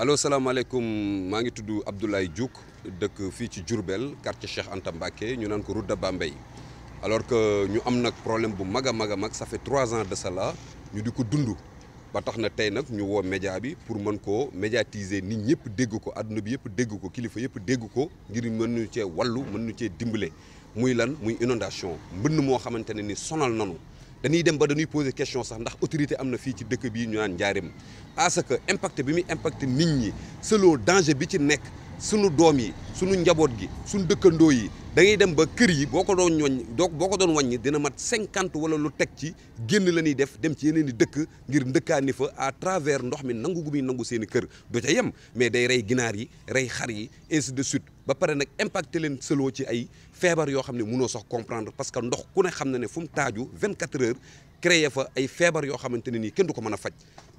allo salaamaaleykum maa ngi tudd Abdoulaye Diouk dëkk fii ci Diourbel quartier Cheikh Anta Mbacké ñu naan ko route de Bambey alors que ñu am nag problème bu mag a mag a mag ça fait trois ans de cela ñu di ko dund ba tax na tey nag ñu woo média bi pour mën koo médiatiser nit ñëpp dégg ko àdduna bi yëpp dégg ko kilifa yëpp dégg ko ngir mën nu cee wàllu mën nu cee dimbale muy lan muy inondation mbënn moo xamante ne ni sonal nanu dañuy dem ba dañuy poser question sax ndax autorité am na fii ci dëkk bii ñu naan njaarim parce que impact bi muy impact nit ñi selon danger bi ci nekk sunu doom yi sunu njaboot gi sunu dëkkandoo yi da dem ba kër yi boo ko doon ñooñ donc boo ko doon wàññi dina mat cinquante wala lu teg ci génn la ñuy def dem ci yeneen i dëkk ngir ndëkkaani fa à travers ndox mi nangu gu muy nangu seeni kër du ca yem mais day rey ginaar yi rey xar yi ainsi de suite ba pare nag impacté leen solo ci ay feebar yoo xam ne mënoo sax comprendre parce que ndox ku ne xam na ne fu mu taaju 24 heures créer fa ay feebar yoo xamante ne nii kenn du ko mën a faj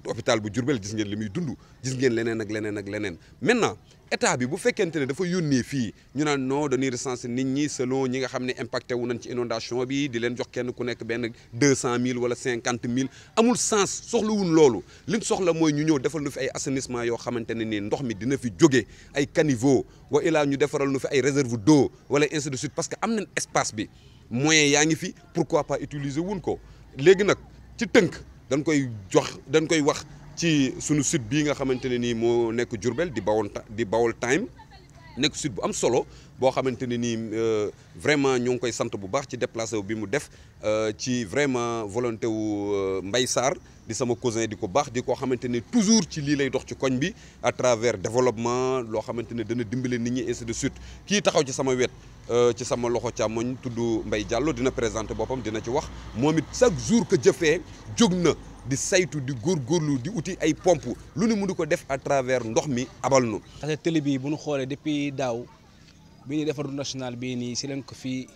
hôpital bu Diourbel gis ngeen li muy dund gis ngeen leneen ak leneen ak leneen maintenant état bi bu fekkente ne dafa yónnee fii ñu naan non dañuy recenser nit ñi selon ñi nga xam ne impacté wu nañ ci inondation bi di leen jox kenn ku nekk benn deux cent mille wala cinquante mille amul sens soxlawuñ loolu liñ soxla mooy ñu ñëw defal nu fi ay assainissement yoo xamante ne nii ndox mi dina fi jóge ay caniveau wa ilaa ñu defaral nu fi ay réserve d'eau wala ainsi suite parce que am nañ espace bi moyen yaa ngi fi pourquoi pas utiliser wuñ ko léegi nag ci tënk dañ koy jox dañ koy wax ci sunu site bii nga xamante ne nii moo nekk Diourbel di Bawol di Bawol Time nekk sud bu am solo boo xamante ne nii euh, vraiment ñoo ngi koy sant bu baax ci déplacé wu bi mu def euh, ci vraiment volonté wu euh, mbay Sarr di sama cousin di ko baax di koo xamante ni toujours ci lii lay dox ci koñ bi à travers développement loo xamante ne dana dimbale nit ñi ainsi de suite kii taxaw ci sama wet ci sama loxo càmmoñ tudd mbay Diallo dina présenté boppam dina ci wax moom it chaque jour que jëfee jóg na. di saytu di góor góorgóorlu di uti ay pomp lu ne mu di ko def à travers ndox mi abal nu parce que télé bii bu ñu xoolee depuis daaw bi ñuy defar nationale bii nii si leen ko fi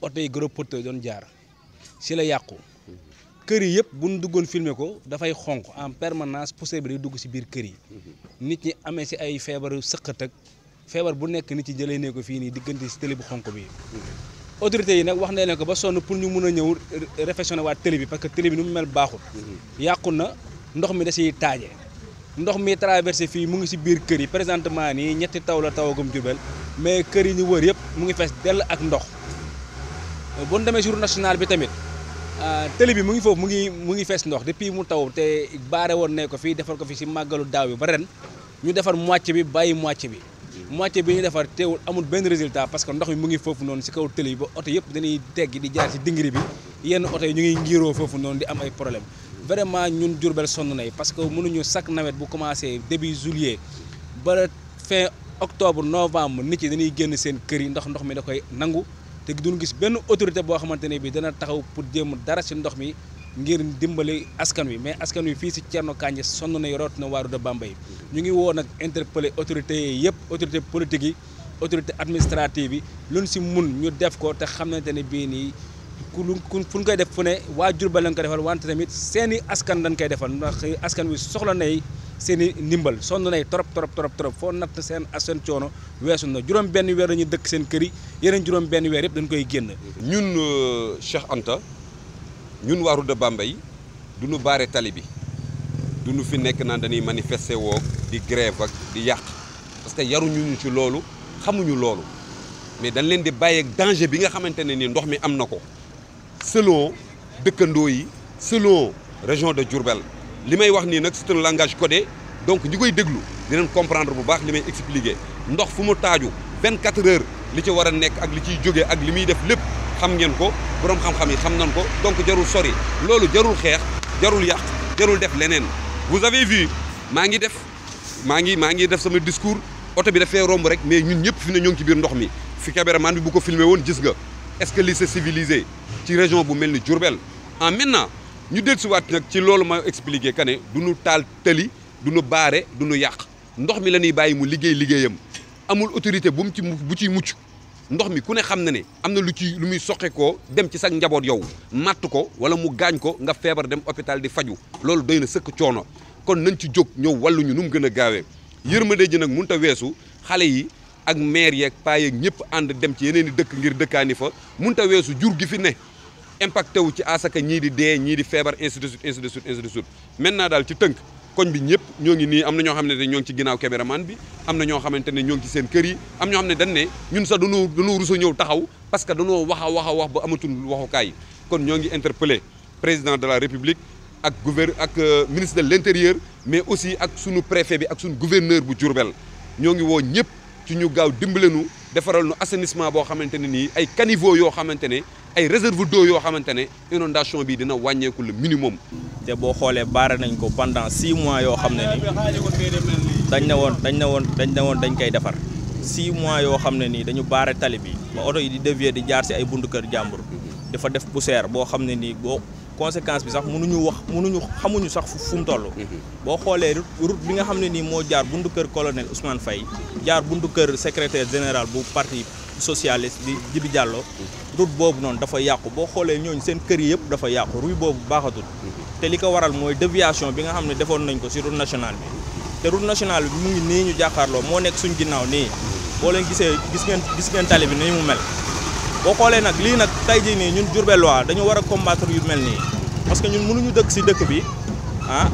oto yi gros porteur doon jaar si la yàqu kër yi yëpp bu ñu duggoon filmer ko dafay xonq en permanence possible bi dugg si biir kër yi nit ñi amee si ay feebaru sëqat ak feebar bu nekk nit ci jëlee ne ko fii nii diggante si télé bu xonq bi autorité yi nag wax nañ leen ko ba sonn pour ñu mun a ñëw réfectionné waat télé bi parce que télé bi nu mu mel baaxul. Mhm. yàqu na ndox mi da si taaje. ndox mi traversé fii mu ngi si biir kër yi présentement nii ñetti taw la tawagum Diourbel mais kër yi ñu wër yëpp mu ngi fees dell ak ndox. bu ñu demee jour national bi tamit ah, télé bi mu ngi foofu mu ngi mu ngi fees ndox depuis mu taw te baare woon ne ko fii defar ko fi si màggalu daaw bi ba ren ñu defar moitié bi bàyyi moitié bi. moitié bi ñu defar teewul amul benn résultat parce que ndox mi mu ngi foofu noonu si kaw tëli yi ba oto yëpp dañuy teggi di jaar ci dingiri bi yenn oto yi ñu ngi ngiroo foofu noonu di am ay problème vraiment ñun Diourbel sonn nay parce que mënuñu chaque nawet bu commencé début juillet ba fin octobre novembre nit yi dañuy génn seen kër yi ndax ndox mi da koy nangu te duñ gis benn autorité boo xamante ne bi dana taxaw pour jéem dara si ndox mi ngir dimbali askan wi mais askan wi fii si Thierno Kandji sonn na root na waaru de Bambey ñu ngi woo nag interpeller autorités yi yëpp autorité politique yi autorité administrative yi luñ si mun ñu def ko te xam nante ne bii nii ku lu ku fu ñu koy def fu ne waa Jurbel lañ ko defal wante tamit seeni askan lañ koy defal ndax askan wi soxla nay seen i ndimbal sonn nay trop trop trop trop foo na seen seen coono weesu na juróom benn weer la ñuy dëkk seen kër yi yeneen juróom benn weer dañ koy génn ñun euh, Cheikh Anta ñun waa route de Bambey du nu baare tali bi du ñu fi nekk naan dañuy manifester woo di grève ak di yàq parce que yaruñu ñu ci loolu xamuñu loolu mais dañ leen di bàyyi ak danger bi nga xamante ne ni ndox mi am na ko selon dëkkandoo yi selon région de Diourbel li may wax nii nag c'est un langage codé donc ñi koy déglu dinañ comprendre bu baax li may expliquer ndox fu mu taaju 24 heures li ci war a nekk ak li ciy jógee ak li muy def lépp. xam ngeen ko borom xam-xam yi xam nañ ko donc jarul sori loolu jarul xeex jarul yàq jarul def leneen vous avez vu maa ngi def maa ngi maa ngi def sama discours oto bi dafee romb rek mais ñun ñëpp fi ne ñoo ci biir ndox mi fi caméraman bi bu ko filmé woon gis nga est-ce que lii c'est ci région bu mel ni Diourbel en ah, maintenant ñu dellusiwaat nag ci loolu ma expliqué que ne du nu taal tëli du nu baare du nu yàq ndox mi la ñuy bàyyi mu liggéey liggéeyam amul autorité bu mu ci bu ciy mucc ndox mi ku ne xam na ne am na lu ci lu muy soqe koo dem ci sag njaboot yow màtt ko wala mu gaañ ko nga feebar dem hôpital di faju loolu doy na sëkk coono kon nañ ci jóg ñëw wallu ñu nu mu gën a gaawee yërmande ji nag mun ta weesu xale yi ak maire yeeg paa yeeg ñëpp ànd dem ci yeneen i dëkk ngir dëkkaani fa mun ta weesu jur gi fi ne impacté wu ci asaka ñii di dee ñii di feebar ainsi de suite ainsi de maintenant daal ci tënk koñ bi ñëpp ñoo ngi nii am na ñoo xam ne ñoo ngi ci ginnaaw caméraman bi am na ñoo xamante ne ñoo ngi ci seen kër yi am ñoo xam ne dañ ne ñun sax dañoo dañoo rusa ñëw taxaw parce que dañoo wax a wax a wax ba amatul waxukaay kon ñoo ngi interpellé président de la république ak gouver ak euh, ministre de l' intérieur mais aussi ak sunu préfet bi ak sunu gouverneur bu Diourbel ñoo ngi woo ñëpp ci ñu gaaw dimbalenu defaral nu assainissement boo xamante ne nii ay caniveaux yoo xamante ne ay réserve d'eau yoo xamante ne inondation bi dina wàññeeku le minimum. te boo xoolee baare nañ ko pendant six mois yoo xam ne ni dañ ne dañ ne dañ ne dañ koy defar six mois yoo xam ne nii dañu baare tali bi ba oto yi di dévier di jaar si ay buntu kër jàmbur. dafa def bu poussière boo xam ne nii boo conséquence bi sax mënuñu wax munuñu xamuñu sax fu fu mu toll. boo xoolee route bi nga xam ne nii moo jaar buntu kër colonel Ousmane fay jaar buntu kër secretaire général bu parti. socialiste di Djibi Diallo mm-hmm. route boobu noonu dafa yàqu boo xoolee ñooñ seen kër yi yëpp dafa yàqu rue boobu baaxatul mm-hmm. te li ko waral mooy déviation bi nga xam ne defoon nañ ko si route nationale bi te route nationale bi mu ngi nii ñu jàkkaarloo moo nekk suñ ginnaaw nii mm-hmm. boo leen gisee gis ngeen gis ngeen tali bi nii mu mel boo xoolee nag lii nag tey jii nii ñun Diourbellois dañu war a combattre yu mel nii parce que ñun mënuñu dëkk si dëkk bi ah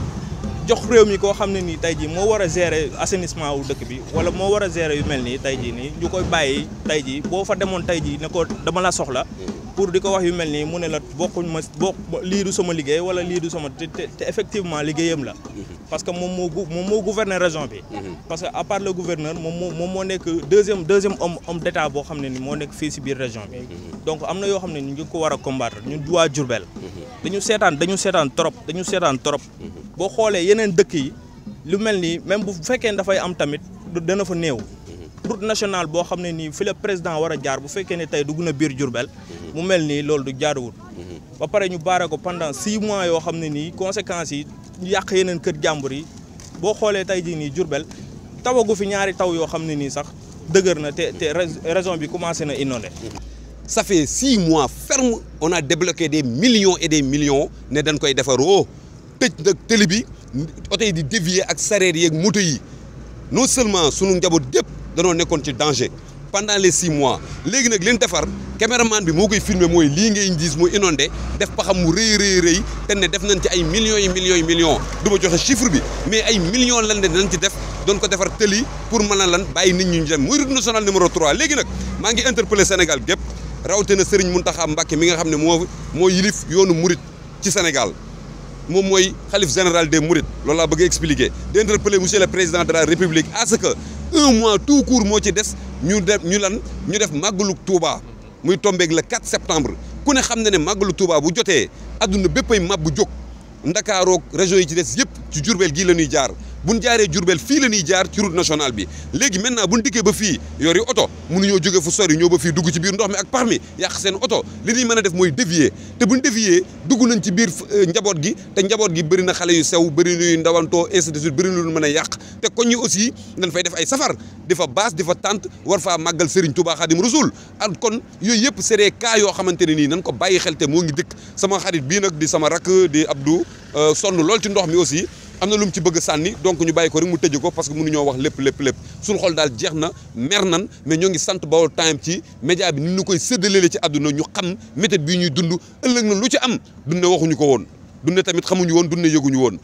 jox réew mi koo xam ne nii tey jii moo war a gérer assainissement wu dëkk bi wala moo war a gérer yu mel nii tay jii nii ñu koy bàyyi tey jii boo fa demoon tey jii ne ko dama la soxla pour di ko wax yu mel nii mu ne la bokkuñ ma boo lii du sama liggéey wala lii du sama te te effectivement liggéeyam la parce que moom moo moom moo gouverner bi parce que à part moom moo moom moo nekk deuxième deuxième homme homme d'état boo xam ne ni moo nekk fii si biir région bi donc am na yoo xam ne ni ñu ngi ko war a combattre ñun waa Diourbel dañu seetaan dañu seetaan trop dañu seetaan trop boo xoolee yeneen dëkk yi lu mel nii même bu fekkee dafay am tamit du dana fa néew. Mhm. route nationale boo xam ne nii fi la président war a jaar bu fekkee ne tey dugg na biir Diourbel. Mhm. mu mel nii loolu du jaaruwul. Mhm. ba pare ñu baare ko pendant six mois yoo xam ne nii conséquences yi yàq yeneen kër jàmbur yi boo xoolee tey jii nii Diourbel tawagu fi ñaari taw yoo xam ne nii sax dëgër na te te raison bi commencé na inondé. ça fait six mois ferme on a débloqué des millions et des millions ne dañ koy defaroo. tëj nag tëli bi oto yi di dévier ak sareer yeeg moto yi non seulement sunu njaboot yëpp danoo nekkoon ci danger pendant le six mois léegi nag leen defar caméraman bi moo koy filmé mooy lii ngay gis mooy inondé def xam mu rëy rëy rëy te ne def nañ ci ay millions yi millions yi millions du joxe chiffre bi mais ay millions lan ne dinañ ci def doon ko defar tëli pour mën a lan bàyyi nit ñi ñu dem muy route nationale numéro 3 léegi nag maa ngi interpellé gépp rawatina Serigne Mountakha Mbacké mi nga xam ne moo moo yilif yoonu murit ci Sénégal moom mooy xalif général des Mourides loolu laa bëgg expliquer di interpeller monsieur le président de la république à que un mois tout court moo ci des ñu def ñu lan ñu def màggalu Touba muy tombeeg le 4 septembre ku ne xam na ne màggalu Touba bu jotee adduna béppay mab bu jóg ndakaaroog région yi ci des yëpp ci Jurbel gii la ñuy jaar bu ñu jaaree Diourbel fii la ñuy jaar ci route nationale bi léegi maintenant bu ñu dikkee ba fii yori oto mënuñoo jóge fu sori ñëw ba fii dugg ci biir ndox mi ak mi yàq seen oto li ñuy mën a def mooy dévier te bu ñu dévier dugg nañ ci biir euh, njaboot gi te njaboot gi bëri na xale yu sew bëri na yu ndawantoo ainsi de bëri na lu mën a yàq te koñ ñi aussi dañ fay def ay safar di fa baas di fa tànt war faa màggal Serigne Touba Khadim Rasoul ak kon yooyu yëpp c'est des yoo xamante ne nii nañ ko bàyyi xel te moo ngi dëkk sama xarit bii nag di sama rakk di Abdou euh, sonn lool ci ndox mi aussi am na lu mu ci bëgg sànni donc ñu bàyyi ko rek mu tëj ko parce que mënuñoo wax lépp lépp lépp suñu xol daal jeex na mer nan mais ñoo ngi sant Baol Times ci média bi ni ñu koy séddaleele ci àdduna ñu xam méthode bi ñuy dund ëllëg na lu ci am dund waxuñu ko woon dund tamit xamuñu woon dund yëguñu woon